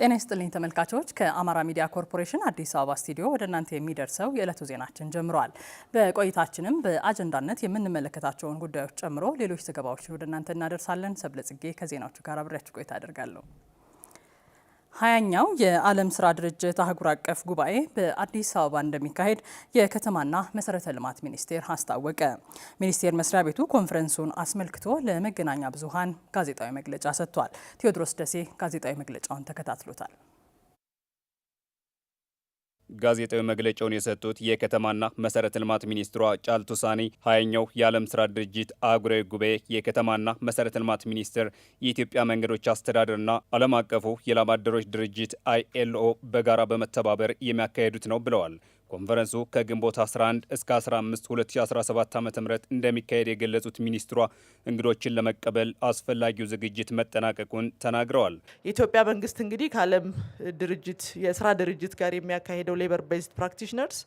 ጤና ይስጥልኝ ተመልካቾች፣ ከአማራ ሚዲያ ኮርፖሬሽን አዲስ አበባ ስቱዲዮ ወደ እናንተ የሚደርሰው የዕለቱ ዜናችን ጀምሯል። በቆይታችንም በአጀንዳነት የምንመለከታቸውን ጉዳዮች ጨምሮ ሌሎች ዘገባዎችን ወደ እናንተ እናደርሳለን። ሰብለጽጌ ከዜናዎቹ ጋር አብሬያችሁ ቆይታ አደርጋለሁ። ሀያኛው የዓለም ስራ ድርጅት አህጉር አቀፍ ጉባኤ በአዲስ አበባ እንደሚካሄድ የከተማና መሰረተ ልማት ሚኒስቴር አስታወቀ። ሚኒስቴር መስሪያ ቤቱ ኮንፈረንሱን አስመልክቶ ለመገናኛ ብዙኃን ጋዜጣዊ መግለጫ ሰጥቷል። ቴዎድሮስ ደሴ ጋዜጣዊ መግለጫውን ተከታትሎታል። ጋዜጣዊ መግለጫውን የሰጡት የከተማና መሰረተ ልማት ሚኒስትሯ ጫልቱ ሳኒ ሀያኛው የዓለም ስራ ድርጅት አህጉራዊ ጉባኤ የከተማና መሰረተ ልማት ሚኒስትር የኢትዮጵያ መንገዶች አስተዳደርና ዓለም አቀፉ የላማደሮች ድርጅት አይኤልኦ በጋራ በመተባበር የሚያካሄዱት ነው ብለዋል። ኮንፈረንሱ ከግንቦት 11 እስከ 15 2017 ዓ ም እንደሚካሄድ የገለጹት ሚኒስትሯ እንግዶችን ለመቀበል አስፈላጊው ዝግጅት መጠናቀቁን ተናግረዋል። የኢትዮጵያ መንግስት እንግዲህ ከዓለም ድርጅት የስራ ድርጅት ጋር የሚያካሄደው ሌበር ቤዝድ ፕራክቲሽነርስ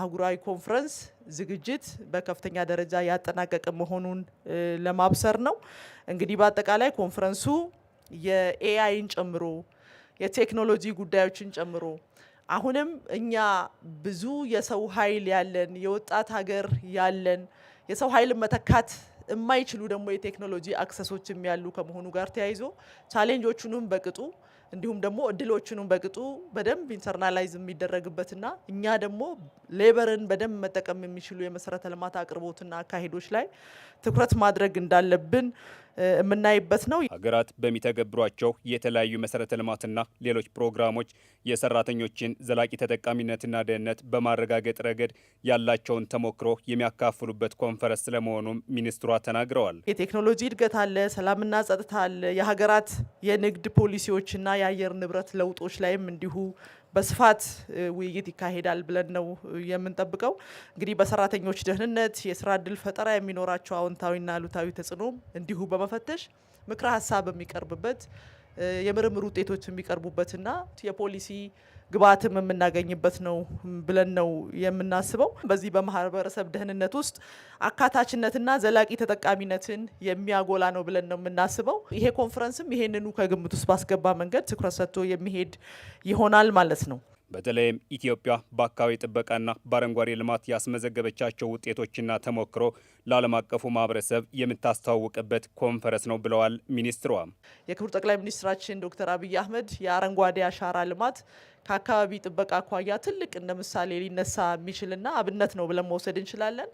አህጉራዊ ኮንፈረንስ ዝግጅት በከፍተኛ ደረጃ ያጠናቀቀ መሆኑን ለማብሰር ነው። እንግዲህ በአጠቃላይ ኮንፈረንሱ የኤአይን ጨምሮ የቴክኖሎጂ ጉዳዮችን ጨምሮ አሁንም እኛ ብዙ የሰው ኃይል ያለን የወጣት ሀገር ያለን የሰው ኃይልን መተካት የማይችሉ ደግሞ የቴክኖሎጂ አክሰሶችም ያሉ ከመሆኑ ጋር ተያይዞ ቻሌንጆቹንም በቅጡ እንዲሁም ደግሞ እድሎቹንም በቅጡ በደንብ ኢንተርናላይዝ የሚደረግበትና እኛ ደግሞ ሌበርን በደንብ መጠቀም የሚችሉ የመሰረተ ልማት አቅርቦትና አካሄዶች ላይ ትኩረት ማድረግ እንዳለብን የምናይበት ነው። ሀገራት በሚተገብሯቸው የተለያዩ መሰረተ ልማትና ሌሎች ፕሮግራሞች የሰራተኞችን ዘላቂ ተጠቃሚነትና ደህንነት በማረጋገጥ ረገድ ያላቸውን ተሞክሮ የሚያካፍሉበት ኮንፈረንስ ስለመሆኑም ሚኒስትሯ ተናግረዋል። የቴክኖሎጂ እድገት አለ፣ ሰላምና ጸጥታ አለ። የሀገራት የንግድ ፖሊሲዎችና የአየር ንብረት ለውጦች ላይም እንዲሁ በስፋት ውይይት ይካሄዳል ብለን ነው የምንጠብቀው። እንግዲህ በሰራተኞች ደህንነት፣ የስራ እድል ፈጠራ የሚኖራቸው አዎንታዊና አሉታዊ ተጽዕኖ እንዲሁ በመፈተሽ ምክረ ሀሳብ የሚቀርብበት የምርምር ውጤቶች የሚቀርቡበትና የፖሊሲ ግብአትም የምናገኝበት ነው ብለን ነው የምናስበው። በዚህ በማህበረሰብ ደህንነት ውስጥ አካታችነትና ዘላቂ ተጠቃሚነትን የሚያጎላ ነው ብለን ነው የምናስበው። ይሄ ኮንፈረንስም ይሄንኑ ከግምት ውስጥ ባስገባ መንገድ ትኩረት ሰጥቶ የሚሄድ ይሆናል ማለት ነው። በተለይም ኢትዮጵያ በአካባቢ ጥበቃና በአረንጓዴ ልማት ያስመዘገበቻቸው ውጤቶችና ተሞክሮ ለዓለም አቀፉ ማህበረሰብ የምታስተዋውቅበት ኮንፈረንስ ነው ብለዋል ሚኒስትሯ። የክቡር ጠቅላይ ሚኒስትራችን ዶክተር አብይ አህመድ የአረንጓዴ አሻራ ልማት ከአካባቢ ጥበቃ አኳያ ትልቅ እንደ ምሳሌ ሊነሳ የሚችልና አብነት ነው ብለን መውሰድ እንችላለን።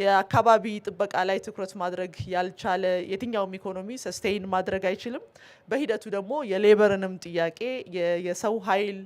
የአካባቢ ጥበቃ ላይ ትኩረት ማድረግ ያልቻለ የትኛውም ኢኮኖሚ ሰስቴይን ማድረግ አይችልም። በሂደቱ ደግሞ የሌበርንም ጥያቄ የሰው ኃይል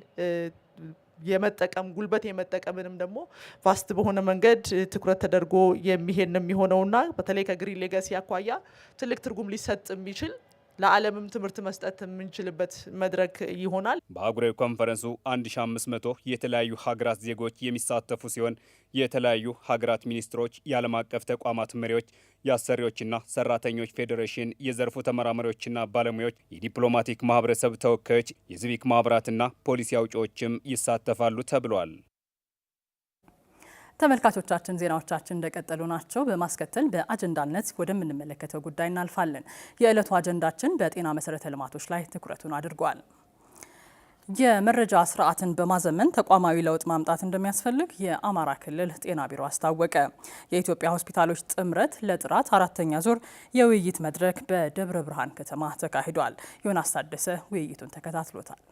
የመጠቀም ጉልበት የመጠቀምንም ደግሞ ፋስት በሆነ መንገድ ትኩረት ተደርጎ የሚሄድ ነው የሚሆነውና በተለይ ከግሪን ሌጋሲ አኳያ ትልቅ ትርጉም ሊሰጥ የሚችል ለዓለምም ትምህርት መስጠት የምንችልበት መድረክ ይሆናል። በአህጉራዊ ኮንፈረንሱ 1500 የተለያዩ ሀገራት ዜጎች የሚሳተፉ ሲሆን የተለያዩ ሀገራት ሚኒስትሮች፣ የዓለም አቀፍ ተቋማት መሪዎች፣ የአሰሪዎችና ሰራተኞች ፌዴሬሽን፣ የዘርፉ ተመራማሪዎችና ባለሙያዎች፣ የዲፕሎማቲክ ማህበረሰብ ተወካዮች፣ የሲቪክ ማህበራትና ፖሊሲ አውጪዎችም ይሳተፋሉ ተብሏል። ተመልካቾቻችን ዜናዎቻችን እንደቀጠሉ ናቸው። በማስከተል በአጀንዳነት ወደምንመለከተው ጉዳይ እናልፋለን። የዕለቱ አጀንዳችን በጤና መሰረተ ልማቶች ላይ ትኩረቱን አድርጓል። የመረጃ ስርዓትን በማዘመን ተቋማዊ ለውጥ ማምጣት እንደሚያስፈልግ የአማራ ክልል ጤና ቢሮ አስታወቀ። የኢትዮጵያ ሆስፒታሎች ጥምረት ለጥራት አራተኛ ዙር የውይይት መድረክ በደብረ ብርሃን ከተማ ተካሂዷል። ዮናስ ታደሰ ውይይቱን ተከታትሎታል።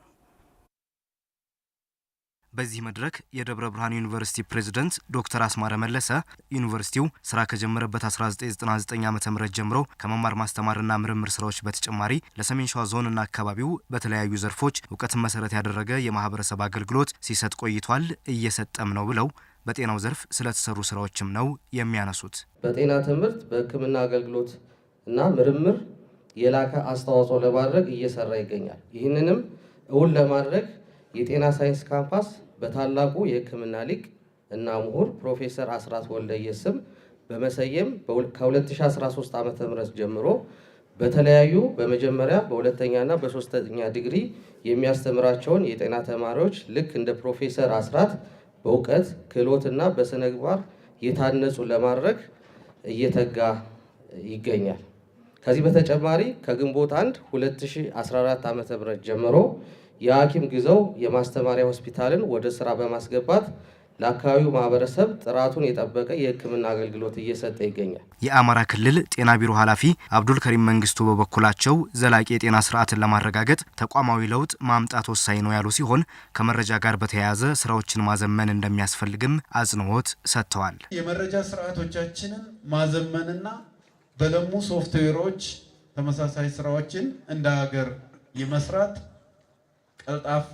በዚህ መድረክ የደብረ ብርሃን ዩኒቨርሲቲ ፕሬዝደንት ዶክተር አስማረ መለሰ ዩኒቨርሲቲው ስራ ከጀመረበት 1999 ዓ ም ጀምሮ ከመማር ማስተማርና ምርምር ስራዎች በተጨማሪ ለሰሜን ሸዋ ዞንና አካባቢው በተለያዩ ዘርፎች እውቀትን መሰረት ያደረገ የማህበረሰብ አገልግሎት ሲሰጥ ቆይቷል፣ እየሰጠም ነው ብለው በጤናው ዘርፍ ስለተሰሩ ስራዎችም ነው የሚያነሱት። በጤና ትምህርት፣ በህክምና አገልግሎት እና ምርምር የላከ አስተዋጽኦ ለማድረግ እየሰራ ይገኛል። ይህንንም እውን ለማድረግ የጤና ሳይንስ ካምፓስ በታላቁ የሕክምና ሊቅ እና ምሁር ፕሮፌሰር አስራት ወልደየስ ስም በመሰየም ከ2013 ምት ጀምሮ በተለያዩ በመጀመሪያ በሁለተኛና በሶስተኛ ዲግሪ የሚያስተምራቸውን የጤና ተማሪዎች ልክ እንደ ፕሮፌሰር አስራት በእውቀት ክህሎትና በሥነ ምግባር የታነጹ ለማድረግ እየተጋ ይገኛል። ከዚህ በተጨማሪ ከግንቦት 1 2014 ዓ.ም ጀምሮ የሐኪም ግዘው የማስተማሪያ ሆስፒታልን ወደ ስራ በማስገባት ለአካባቢው ማህበረሰብ ጥራቱን የጠበቀ የሕክምና አገልግሎት እየሰጠ ይገኛል። የአማራ ክልል ጤና ቢሮ ኃላፊ አብዱል ከሪም መንግስቱ በበኩላቸው ዘላቂ የጤና ስርዓትን ለማረጋገጥ ተቋማዊ ለውጥ ማምጣት ወሳኝ ነው ያሉ ሲሆን ከመረጃ ጋር በተያያዘ ስራዎችን ማዘመን እንደሚያስፈልግም አጽንኦት ሰጥተዋል። የመረጃ ስርዓቶቻችንን ማዘመንና በለሙ ሶፍትዌሮች ተመሳሳይ ስራዎችን እንደ ሀገር የመስራት ቀልጣፋ፣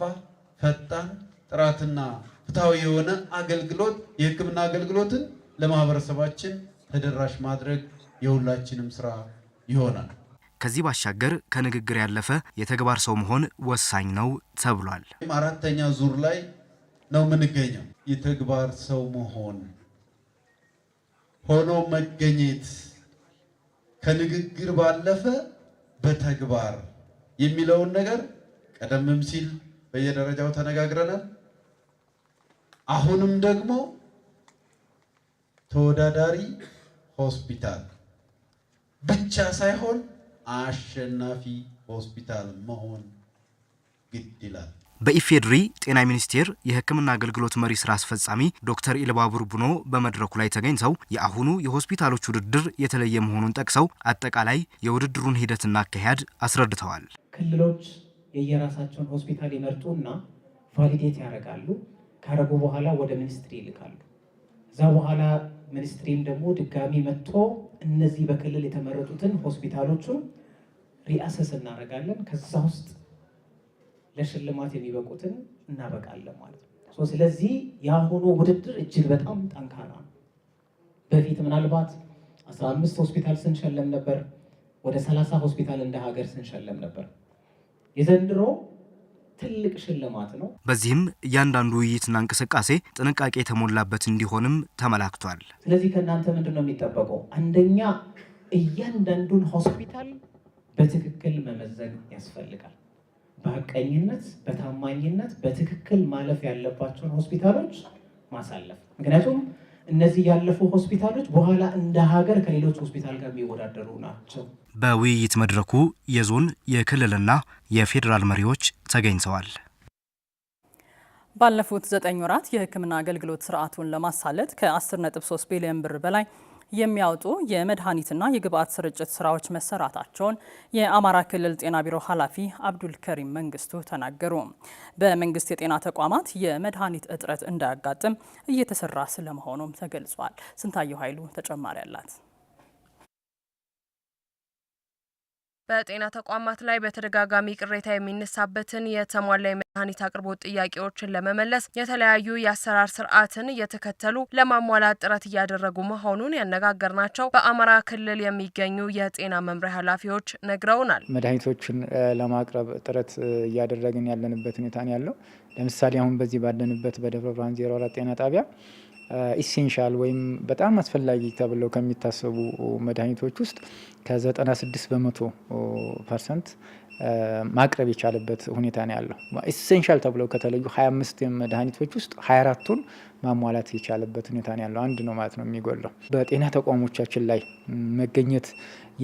ፈጣን፣ ጥራትና ፍትሃዊ የሆነ አገልግሎት የሕክምና አገልግሎትን ለማህበረሰባችን ተደራሽ ማድረግ የሁላችንም ስራ ይሆናል። ከዚህ ባሻገር ከንግግር ያለፈ የተግባር ሰው መሆን ወሳኝ ነው ተብሏል። አራተኛ ዙር ላይ ነው የምንገኘው። የተግባር ሰው መሆን ሆኖ መገኘት ከንግግር ባለፈ በተግባር የሚለውን ነገር ቀደምም ሲል በየደረጃው ተነጋግረናል። አሁንም ደግሞ ተወዳዳሪ ሆስፒታል ብቻ ሳይሆን አሸናፊ ሆስፒታል መሆን ግድ ይላል። በኢፌድሪ ጤና ሚኒስቴር የሕክምና አገልግሎት መሪ ስራ አስፈጻሚ ዶክተር ኢልባቡር ቡኖ በመድረኩ ላይ ተገኝተው የአሁኑ የሆስፒታሎች ውድድር የተለየ መሆኑን ጠቅሰው አጠቃላይ የውድድሩን ሂደትና አካሄድ አስረድተዋል። ክልሎች የየራሳቸውን ሆስፒታል ይመርጡና ቫሊዴት ያደርጋሉ። ካረጉ በኋላ ወደ ሚኒስትሪ ይልካሉ። እዛ በኋላ ሚኒስትሪም ደግሞ ድጋሚ መጥቶ እነዚህ በክልል የተመረጡትን ሆስፒታሎቹን ሪአሰስ እናደርጋለን። ከዛ ውስጥ ለሽልማት የሚበቁትን እናበቃለን ማለት ነው። ስለዚህ የአሁኑ ውድድር እጅግ በጣም ጠንካራ ነው። በፊት ምናልባት 15 ሆስፒታል ስንሸለም ነበር። ወደ ሰላሳ ሆስፒታል እንደ ሀገር ስንሸለም ነበር። የዘንድሮ ትልቅ ሽልማት ነው። በዚህም እያንዳንዱ ውይይትና እንቅስቃሴ ጥንቃቄ የተሞላበት እንዲሆንም ተመላክቷል። ስለዚህ ከእናንተ ምንድን ነው የሚጠበቀው? አንደኛ እያንዳንዱን ሆስፒታል በትክክል መመዘን ያስፈልጋል። በሀቀኝነት፣ በታማኝነት በትክክል ማለፍ ያለባቸውን ሆስፒታሎች ማሳለፍ ምክንያቱም እነዚህ ያለፉ ሆስፒታሎች በኋላ እንደ ሀገር ከሌሎች ሆስፒታል ጋር የሚወዳደሩ ናቸው። በውይይት መድረኩ የዞን የክልልና የፌዴራል መሪዎች ተገኝተዋል። ባለፉት ዘጠኝ ወራት የሕክምና አገልግሎት ስርዓቱን ለማሳለጥ ከ10.3 ቢሊዮን ብር በላይ የሚያወጡ የመድኃኒትና የግብአት ስርጭት ስራዎች መሰራታቸውን የአማራ ክልል ጤና ቢሮ ኃላፊ አብዱልከሪም መንግስቱ ተናገሩ። በመንግስት የጤና ተቋማት የመድኃኒት እጥረት እንዳያጋጥም እየተሰራ ስለመሆኑም ተገልጿል። ስንታየው ኃይሉ ተጨማሪ አላት። በጤና ተቋማት ላይ በተደጋጋሚ ቅሬታ የሚነሳበትን የተሟላ የመድኃኒት አቅርቦት ጥያቄዎችን ለመመለስ የተለያዩ የአሰራር ስርዓትን እየተከተሉ ለማሟላት ጥረት እያደረጉ መሆኑን ያነጋገርናቸው በአማራ ክልል የሚገኙ የጤና መምሪያ ኃላፊዎች ነግረውናል። መድኃኒቶችን ለማቅረብ ጥረት እያደረግን ያለንበት ሁኔታ ነው ያለው። ለምሳሌ አሁን በዚህ ባለንበት በደብረ ብርሃን 04 ጤና ጣቢያ ኢሴንሻል uh, ወይም በጣም አስፈላጊ ተብለው ከሚታሰቡ መድኃኒቶች ውስጥ ከ96 በመቶ uh, ፐርሰንት uh, ማቅረብ የቻለበት ሁኔታ ነው ያለው። ኢሴንሻል ተብለው ከተለዩ 25 መድኃኒቶች ውስጥ 24ቱን ማሟላት የቻለበት ሁኔታ ነው ያለው። አንድ ነው ማለት ነው የሚጎለው። በጤና ተቋሞቻችን ላይ መገኘት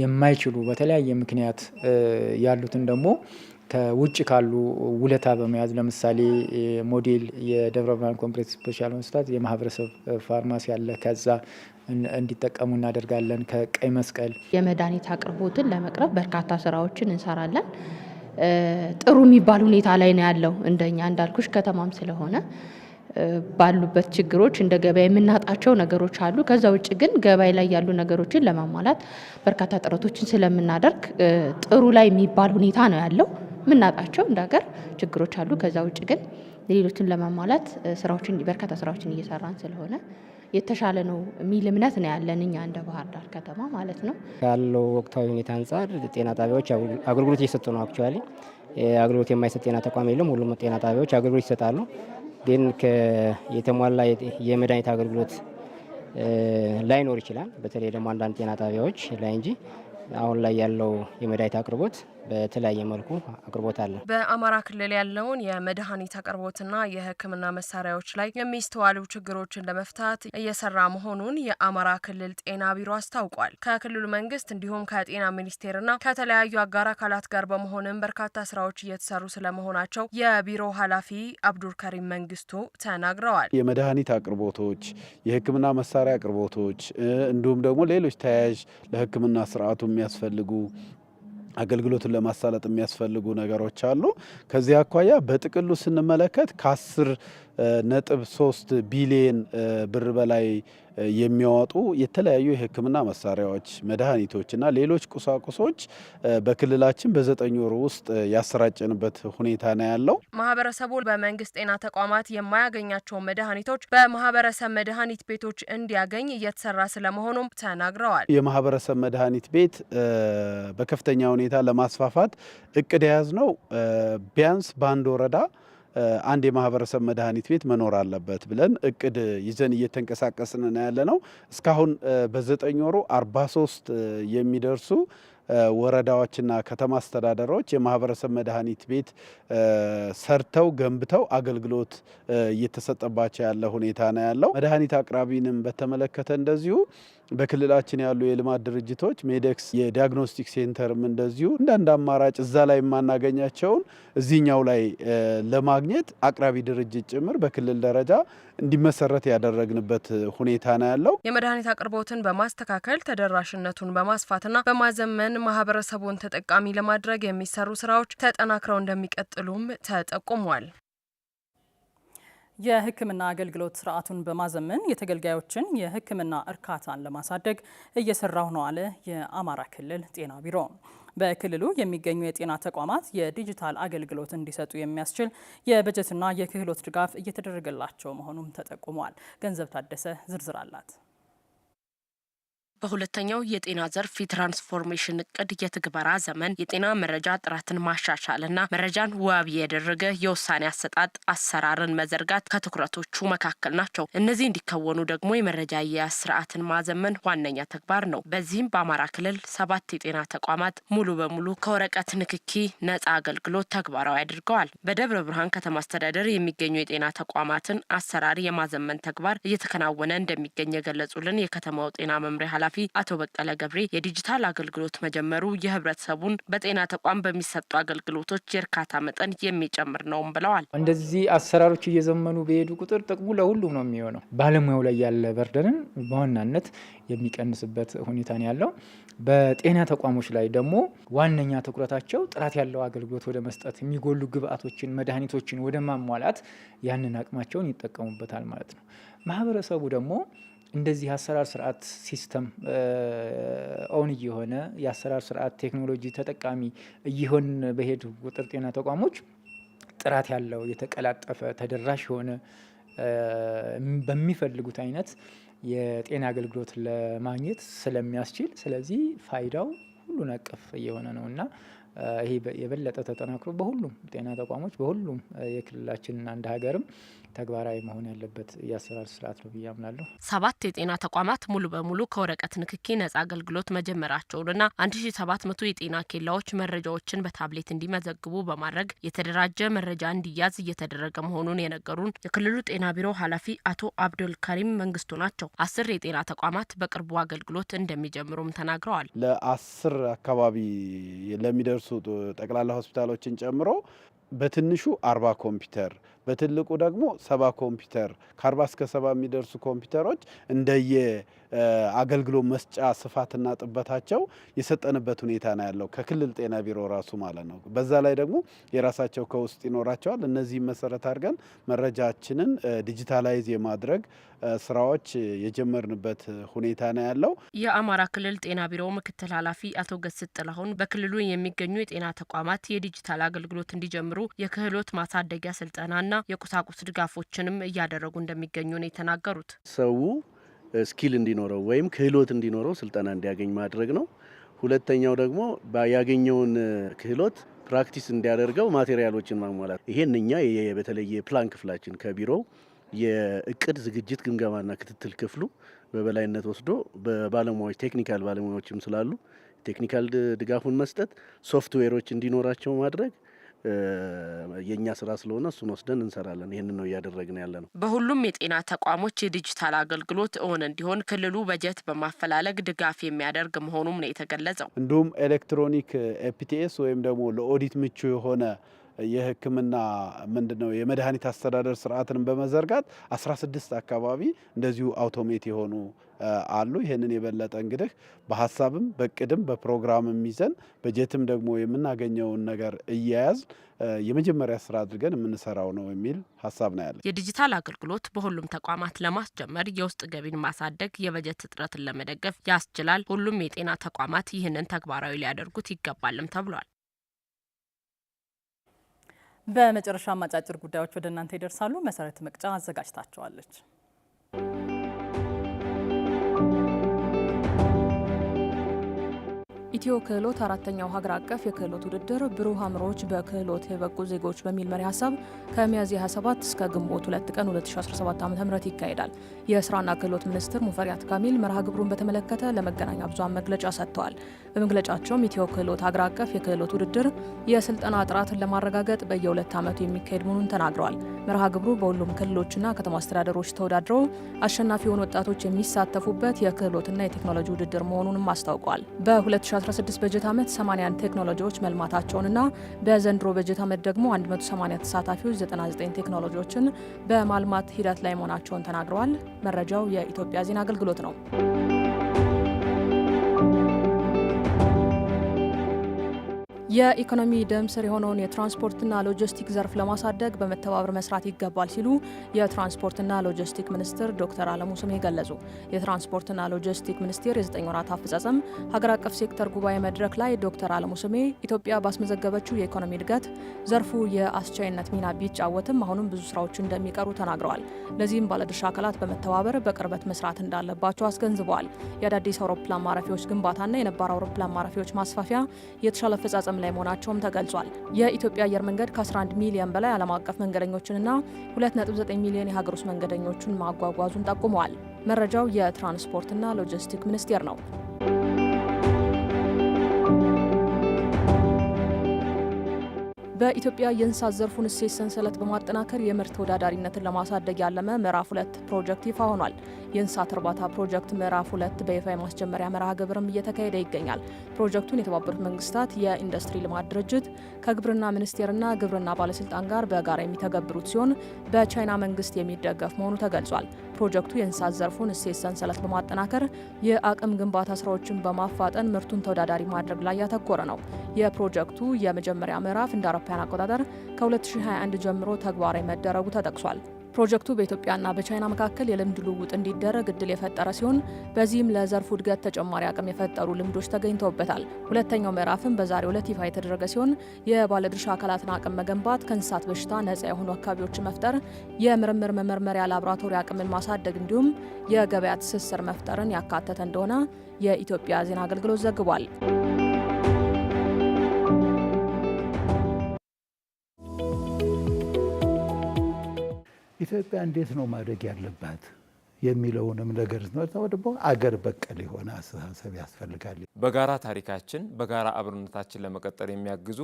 የማይችሉ በተለያየ ምክንያት ያሉትን ደግሞ ከውጭ ካሉ ውለታ በመያዝ ለምሳሌ ሞዴል የደብረ ብርሃን ኮምፕሌክስ ስፔሻል ሆስፒታል የማህበረሰብ ፋርማሲ አለ። ከዛ እንዲጠቀሙ እናደርጋለን። ከቀይ መስቀል የመድኃኒት አቅርቦትን ለመቅረብ በርካታ ስራዎችን እንሰራለን። ጥሩ የሚባል ሁኔታ ላይ ነው ያለው። እንደኛ እንዳልኩሽ ከተማም ስለሆነ ባሉበት ችግሮች እንደ ገበያ የምናጣቸው ነገሮች አሉ። ከዛ ውጭ ግን ገበያ ላይ ያሉ ነገሮችን ለማሟላት በርካታ ጥረቶችን ስለምናደርግ ጥሩ ላይ የሚባል ሁኔታ ነው ያለው። የምናጣቸው እንደ ሀገር ችግሮች አሉ። ከዛ ውጭ ግን ሌሎችን ለማሟላት ስራዎችን በርካታ ስራዎችን እየሰራን ስለሆነ የተሻለ ነው የሚል እምነት ነው ያለን እኛ እንደ ባህር ዳር ከተማ ማለት ነው። ካለው ወቅታዊ ሁኔታ አንጻር ጤና ጣቢያዎች አገልግሎት እየሰጡ ነው። አክቹዋሊ አገልግሎት የማይሰጥ ጤና ተቋም የለም። ሁሉም ጤና ጣቢያዎች አገልግሎት ይሰጣሉ። ግን የተሟላ የመድኃኒት አገልግሎት ላይኖር ይችላል። በተለይ ደግሞ አንዳንድ ጤና ጣቢያዎች ላይ እንጂ አሁን ላይ ያለው የመድኃኒት አቅርቦት በተለያየ መልኩ አቅርቦት አለ። በአማራ ክልል ያለውን የመድኃኒት አቅርቦትና የሕክምና መሳሪያዎች ላይ የሚስተዋሉ ችግሮችን ለመፍታት እየሰራ መሆኑን የአማራ ክልል ጤና ቢሮ አስታውቋል። ከክልሉ መንግስት እንዲሁም ከጤና ሚኒስቴርና ከተለያዩ አጋር አካላት ጋር በመሆንም በርካታ ስራዎች እየተሰሩ ስለመሆናቸው የቢሮ ኃላፊ ከሪም መንግስቱ ተናግረዋል። የመድኃኒት አቅርቦቶች፣ የሕክምና መሳሪያ አቅርቦቶች እንዲሁም ደግሞ ሌሎች ተያያዥ ለሕክምና ስርዓቱ የሚያስፈልጉ አገልግሎትን ለማሳለጥ የሚያስፈልጉ ነገሮች አሉ። ከዚህ አኳያ በጥቅሉ ስንመለከት ከአስር ነጥብ ሶስት ቢሊየን ብር በላይ የሚያወጡ የተለያዩ የሕክምና መሳሪያዎች መድኃኒቶችና ሌሎች ቁሳቁሶች በክልላችን በዘጠኝ ወር ውስጥ ያሰራጨንበት ሁኔታ ነው ያለው። ማህበረሰቡ በመንግስት ጤና ተቋማት የማያገኛቸውን መድኃኒቶች በማህበረሰብ መድኃኒት ቤቶች እንዲያገኝ እየተሰራ ስለመሆኑም ተናግረዋል። የማህበረሰብ መድኃኒት ቤት በከፍተኛ ሁኔታ ለማስፋፋት እቅድ የያዝ ነው ቢያንስ በአንድ ወረዳ አንድ የማህበረሰብ መድኃኒት ቤት መኖር አለበት ብለን እቅድ ይዘን እየተንቀሳቀስን ነው ያለ ነው። እስካሁን በዘጠኝ ወሩ 43 የሚደርሱ ወረዳዎችና ከተማ አስተዳደሮች የማህበረሰብ መድኃኒት ቤት ሰርተው ገንብተው አገልግሎት እየተሰጠባቸው ያለ ሁኔታ ነው ያለው። መድኃኒት አቅራቢንም በተመለከተ እንደዚሁ በክልላችን ያሉ የልማት ድርጅቶች ሜዴክስ የዲያግኖስቲክ ሴንተርም እንደዚሁ እንዳንድ አማራጭ እዛ ላይ የማናገኛቸውን እዚህኛው ላይ ለማግኘት አቅራቢ ድርጅት ጭምር በክልል ደረጃ እንዲመሰረት ያደረግንበት ሁኔታ ነው ያለው። የመድኃኒት አቅርቦትን በማስተካከል ተደራሽነቱን በማስፋትና በማዘመን ማህበረሰቡን ተጠቃሚ ለማድረግ የሚሰሩ ስራዎች ተጠናክረው እንደሚቀጥሉም ተጠቁሟል። የሕክምና አገልግሎት ስርዓቱን በማዘመን የተገልጋዮችን የሕክምና እርካታን ለማሳደግ እየሰራሁ ነው አለ የአማራ ክልል ጤና ቢሮ። በክልሉ የሚገኙ የጤና ተቋማት የዲጂታል አገልግሎት እንዲሰጡ የሚያስችል የበጀትና የክህሎት ድጋፍ እየተደረገላቸው መሆኑም ተጠቁሟል። ገንዘብ ታደሰ ዝርዝር አላት። በሁለተኛው የጤና ዘርፍ የትራንስፎርሜሽን እቅድ የትግበራ ዘመን የጤና መረጃ ጥራትን ማሻሻልና መረጃን ዋቢ ያደረገ የውሳኔ አሰጣጥ አሰራርን መዘርጋት ከትኩረቶቹ መካከል ናቸው። እነዚህ እንዲከወኑ ደግሞ የመረጃ አያያዝ ስርዓትን ማዘመን ዋነኛ ተግባር ነው። በዚህም በአማራ ክልል ሰባት የጤና ተቋማት ሙሉ በሙሉ ከወረቀት ንክኪ ነጻ አገልግሎት ተግባራዊ አድርገዋል። በደብረ ብርሃን ከተማ አስተዳደር የሚገኙ የጤና ተቋማትን አሰራር የማዘመን ተግባር እየተከናወነ እንደሚገኝ የገለጹልን የከተማው ጤና መምሪያ ኃላፊ ኃላፊ አቶ በቀለ ገብሬ የዲጂታል አገልግሎት መጀመሩ የህብረተሰቡን በጤና ተቋም በሚሰጡ አገልግሎቶች የእርካታ መጠን የሚጨምር ነውም ብለዋል። እንደዚህ አሰራሮች እየዘመኑ በሄዱ ቁጥር ጥቅሙ ለሁሉም ነው የሚሆነው። ባለሙያው ላይ ያለ በርደንን በዋናነት የሚቀንስበት ሁኔታ ነው ያለው። በጤና ተቋሞች ላይ ደግሞ ዋነኛ ትኩረታቸው ጥራት ያለው አገልግሎት ወደ መስጠት የሚጎሉ ግብአቶችን፣ መድኃኒቶችን ወደ ማሟላት ያንን አቅማቸውን ይጠቀሙበታል ማለት ነው። ማህበረሰቡ ደግሞ እንደዚህ የአሰራር ስርዓት ሲስተም ኦን እየሆነ የአሰራር ስርዓት ቴክኖሎጂ ተጠቃሚ እየሆን በሄድ ቁጥር ጤና ተቋሞች ጥራት ያለው የተቀላጠፈ ተደራሽ የሆነ በሚፈልጉት አይነት የጤና አገልግሎት ለማግኘት ስለሚያስችል ስለዚህ ፋይዳው ሁሉን አቀፍ እየሆነ ነው እና ይሄ የበለጠ ተጠናክሮ በሁሉም ጤና ተቋሞች በሁሉም የክልላችንና አንድ ሀገርም ተግባራዊ መሆን ያለበት የአሰራር ስርዓት ነው ብዬ አምናለሁ። ሰባት የጤና ተቋማት ሙሉ በሙሉ ከወረቀት ንክኪ ነጻ አገልግሎት መጀመራቸውንና አንድ ሺ ሰባት መቶ የጤና ኬላዎች መረጃዎችን በታብሌት እንዲመዘግቡ በማድረግ የተደራጀ መረጃ እንዲያዝ እየተደረገ መሆኑን የነገሩን የክልሉ ጤና ቢሮ ኃላፊ አቶ አብዱልካሪም መንግስቱ ናቸው። አስር የጤና ተቋማት በቅርቡ አገልግሎት እንደሚጀምሩም ተናግረዋል። ለአስር አካባቢ ለሚደርሱ ጠቅላላ ሆስፒታሎችን ጨምሮ በትንሹ አርባ ኮምፒውተር በትልቁ ደግሞ ሰባ ኮምፒውተር ከአርባ እስከ ሰባ የሚደርሱ ኮምፒውተሮች እንደየ አገልግሎት መስጫ ስፋትና ጥበታቸው የሰጠንበት ሁኔታ ነው ያለው ከክልል ጤና ቢሮ ራሱ ማለት ነው። በዛ ላይ ደግሞ የራሳቸው ከውስጥ ይኖራቸዋል። እነዚህም መሰረት አድርገን መረጃችንን ዲጂታላይዝ የማድረግ ስራዎች የጀመርንበት ሁኔታ ነው ያለው። የአማራ ክልል ጤና ቢሮ ምክትል ኃላፊ አቶ ገስት ጥላሁን በክልሉ የሚገኙ የጤና ተቋማት የዲጂታል አገልግሎት እንዲጀምሩ የክህሎት ማሳደጊያ ስልጠናና የገንዘብና የቁሳቁስ ድጋፎችንም እያደረጉ እንደሚገኙ ነው የተናገሩት። ሰው ስኪል እንዲኖረው ወይም ክህሎት እንዲኖረው ስልጠና እንዲያገኝ ማድረግ ነው። ሁለተኛው ደግሞ ያገኘውን ክህሎት ፕራክቲስ እንዲያደርገው ማቴሪያሎችን ማሟላት። ይሄን እኛ በተለየ ፕላን ክፍላችን ከቢሮው የእቅድ ዝግጅት ግምገማና ክትትል ክፍሉ በበላይነት ወስዶ በባለሙያዎች ቴክኒካል ባለሙያዎችም ስላሉ ቴክኒካል ድጋፉን መስጠት፣ ሶፍትዌሮች እንዲኖራቸው ማድረግ የእኛ ስራ ስለሆነ እሱን ወስደን እንሰራለን። ይህን ነው እያደረግን ያለ ነው። በሁሉም የጤና ተቋሞች የዲጂታል አገልግሎት እውን እንዲሆን ክልሉ በጀት በማፈላለግ ድጋፍ የሚያደርግ መሆኑም ነው የተገለጸው። እንዲሁም ኤሌክትሮኒክ ኤፒቲኤስ ወይም ደግሞ ለኦዲት ምቹ የሆነ የሕክምና ምንድን ነው የመድኃኒት አስተዳደር ስርዓትን በመዘርጋት 16 አካባቢ እንደዚሁ አውቶሜት የሆኑ አሉ። ይህንን የበለጠ እንግዲህ በሀሳብም በቅድም በፕሮግራምም ይዘን በጀትም ደግሞ የምናገኘውን ነገር እያያዝ የመጀመሪያ ስራ አድርገን የምንሰራው ነው የሚል ሀሳብ ነው ያለ። የዲጂታል አገልግሎት በሁሉም ተቋማት ለማስጀመር የውስጥ ገቢን ማሳደግ የበጀት እጥረትን ለመደገፍ ያስችላል። ሁሉም የጤና ተቋማት ይህንን ተግባራዊ ሊያደርጉት ይገባልም ተብሏል። በመጨረሻ አጫጭር ጉዳዮች ወደ እናንተ ይደርሳሉ። መሰረት መቅጫ አዘጋጅታቸዋለች። ኢትዮ ክህሎት አራተኛው ሀገር አቀፍ የክህሎት ውድድር ብሩህ አምሮች በክህሎት የበቁ ዜጎች በሚል መሪ ሀሳብ ከሚያዝያ 27 እስከ ግንቦት 2 ቀን 2017 ም ይካሄዳል። የስራና ክህሎት ሚኒስትር ሙፈሪያት ካሚል መርሃ ግብሩን በተመለከተ ለመገናኛ ብዙሃን መግለጫ ሰጥተዋል። በመግለጫቸውም ኢትዮ ክህሎት ሀገር አቀፍ የክህሎት ውድድር የስልጠና ጥራትን ለማረጋገጥ በየሁለት ዓመቱ የሚካሄድ መሆኑን ተናግረዋል። መርሃ ግብሩ በሁሉም ክልሎችና ከተማ አስተዳደሮች ተወዳድረው አሸናፊ የሆኑ ወጣቶች የሚሳተፉበት የክህሎትና የቴክኖሎጂ ውድድር መሆኑንም አስታውቋል። በ2017 በ በጀት ዓመት 81 ቴክኖሎጂዎች መልማታቸውንና በዘንድሮ በጀት ዓመት ደግሞ 180 ተሳታፊዎች 99 ቴክኖሎጂዎችን በማልማት ሂደት ላይ መሆናቸውን ተናግረዋል። መረጃው የኢትዮጵያ ዜና አገልግሎት ነው። የኢኮኖሚ ደም ስር የሆነውን የትራንስፖርትና ሎጂስቲክ ዘርፍ ለማሳደግ በመተባበር መስራት ይገባል ሲሉ የትራንስፖርትና ሎጂስቲክ ሚኒስትር ዶክተር አለሙ ስሜ ገለጹ። የትራንስፖርትና ሎጂስቲክ ሚኒስቴር የዘጠኝ ወራት አፈጻጸም ሀገር አቀፍ ሴክተር ጉባኤ መድረክ ላይ ዶክተር አለሙ ስሜ ኢትዮጵያ ባስመዘገበችው የኢኮኖሚ እድገት ዘርፉ የአስቻይነት ሚና ቢጫወትም አሁንም ብዙ ስራዎች እንደሚቀሩ ተናግረዋል። ለዚህም ባለድርሻ አካላት በመተባበር በቅርበት መስራት እንዳለባቸው አስገንዝበዋል። የአዳዲስ አውሮፕላን ማረፊያዎች ግንባታና የነባር አውሮፕላን ማረፊያዎች ማስፋፊያ የተሻለ አፈጻጸም ላይ መሆናቸውም ተገልጿል። የኢትዮጵያ አየር መንገድ ከ11 ሚሊዮን በላይ ዓለም አቀፍ መንገደኞችንና 2.9 ሚሊዮን የሀገር ውስጥ መንገደኞቹን ማጓጓዙን ጠቁመዋል። መረጃው የትራንስፖርትና ሎጂስቲክ ሚኒስቴር ነው። በኢትዮጵያ የእንስሳት ዘርፉን እሴት ሰንሰለት በማጠናከር የምርት ተወዳዳሪነትን ለማሳደግ ያለመ ምዕራፍ ሁለት ፕሮጀክት ይፋ ሆኗል። የእንስሳት እርባታ ፕሮጀክት ምዕራፍ ሁለት በይፋ የማስጀመሪያ መርሃ ግብርም እየተካሄደ ይገኛል። ፕሮጀክቱን የተባበሩት መንግስታት የኢንዱስትሪ ልማት ድርጅት ከግብርና ሚኒስቴርና ግብርና ባለስልጣን ጋር በጋራ የሚተገብሩት ሲሆን በቻይና መንግስት የሚደገፍ መሆኑ ተገልጿል። ፕሮጀክቱ የእንስሳት ዘርፉን እሴት ሰንሰለት በማጠናከር የአቅም ግንባታ ስራዎችን በማፋጠን ምርቱን ተወዳዳሪ ማድረግ ላይ ያተኮረ ነው። የፕሮጀክቱ የመጀመሪያ ምዕራፍ እንደ አውሮፓውያን አቆጣጠር ከ2021 ጀምሮ ተግባራዊ መደረጉ ተጠቅሷል። ፕሮጀክቱ በኢትዮጵያና በቻይና መካከል የልምድ ልውውጥ እንዲደረግ እድል የፈጠረ ሲሆን በዚህም ለዘርፉ እድገት ተጨማሪ አቅም የፈጠሩ ልምዶች ተገኝተውበታል። ሁለተኛው ምዕራፍም በዛሬው ዕለት ይፋ የተደረገ ሲሆን የባለድርሻ አካላትን አቅም መገንባት፣ ከእንስሳት በሽታ ነጻ የሆኑ አካባቢዎችን መፍጠር፣ የምርምር መመርመሪያ ላቦራቶሪ አቅምን ማሳደግ እንዲሁም የገበያ ትስስር መፍጠርን ያካተተ እንደሆነ የኢትዮጵያ ዜና አገልግሎት ዘግቧል። ኢትዮጵያ እንዴት ነው ማድረግ ያለባት የሚለውንም ነገር ደግሞ አገር በቀል የሆነ አስተሳሰብ ያስፈልጋል። በጋራ ታሪካችን በጋራ አብሮነታችን ለመቀጠል የሚያግዙ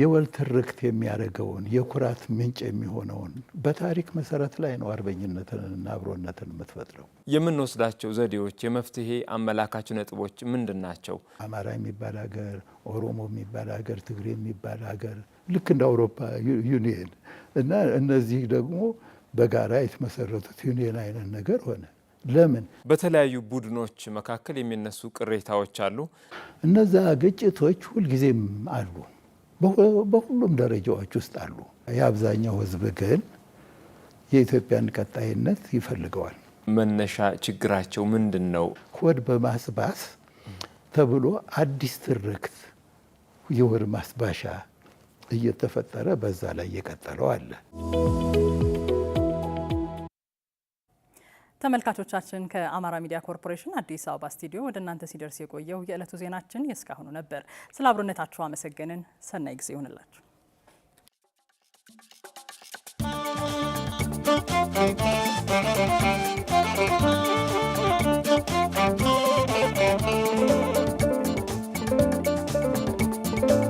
የወል ትርክት የሚያደርገውን የኩራት ምንጭ የሚሆነውን በታሪክ መሰረት ላይ ነው አርበኝነትንና አብሮነትን የምትፈጥረው። የምንወስዳቸው ዘዴዎች የመፍትሄ አመላካች ነጥቦች ምንድን ናቸው? አማራ የሚባል ሀገር፣ ኦሮሞ የሚባል ሀገር፣ ትግሬ የሚባል ሀገር ልክ እንደ አውሮፓ ዩኒየን እና እነዚህ ደግሞ በጋራ የተመሰረቱት ዩኒየን አይነት ነገር ሆነ። ለምን በተለያዩ ቡድኖች መካከል የሚነሱ ቅሬታዎች አሉ። እነዛ ግጭቶች ሁልጊዜም አሉ፣ በሁሉም ደረጃዎች ውስጥ አሉ። የአብዛኛው ህዝብ ግን የኢትዮጵያን ቀጣይነት ይፈልገዋል። መነሻ ችግራቸው ምንድን ነው? ሆድ በማስባስ ተብሎ አዲስ ትርክት የሆድ ማስባሻ እየተፈጠረ በዛ ላይ የቀጠለው አለ። ተመልካቾቻችን ከአማራ ሚዲያ ኮርፖሬሽን አዲስ አበባ ስቱዲዮ ወደ እናንተ ሲደርስ የቆየው የዕለቱ ዜናችን የእስካሁኑ ነበር። ስለ አብሮነታችሁ አመሰገንን። ሰናይ ጊዜ ይሆንላችሁ።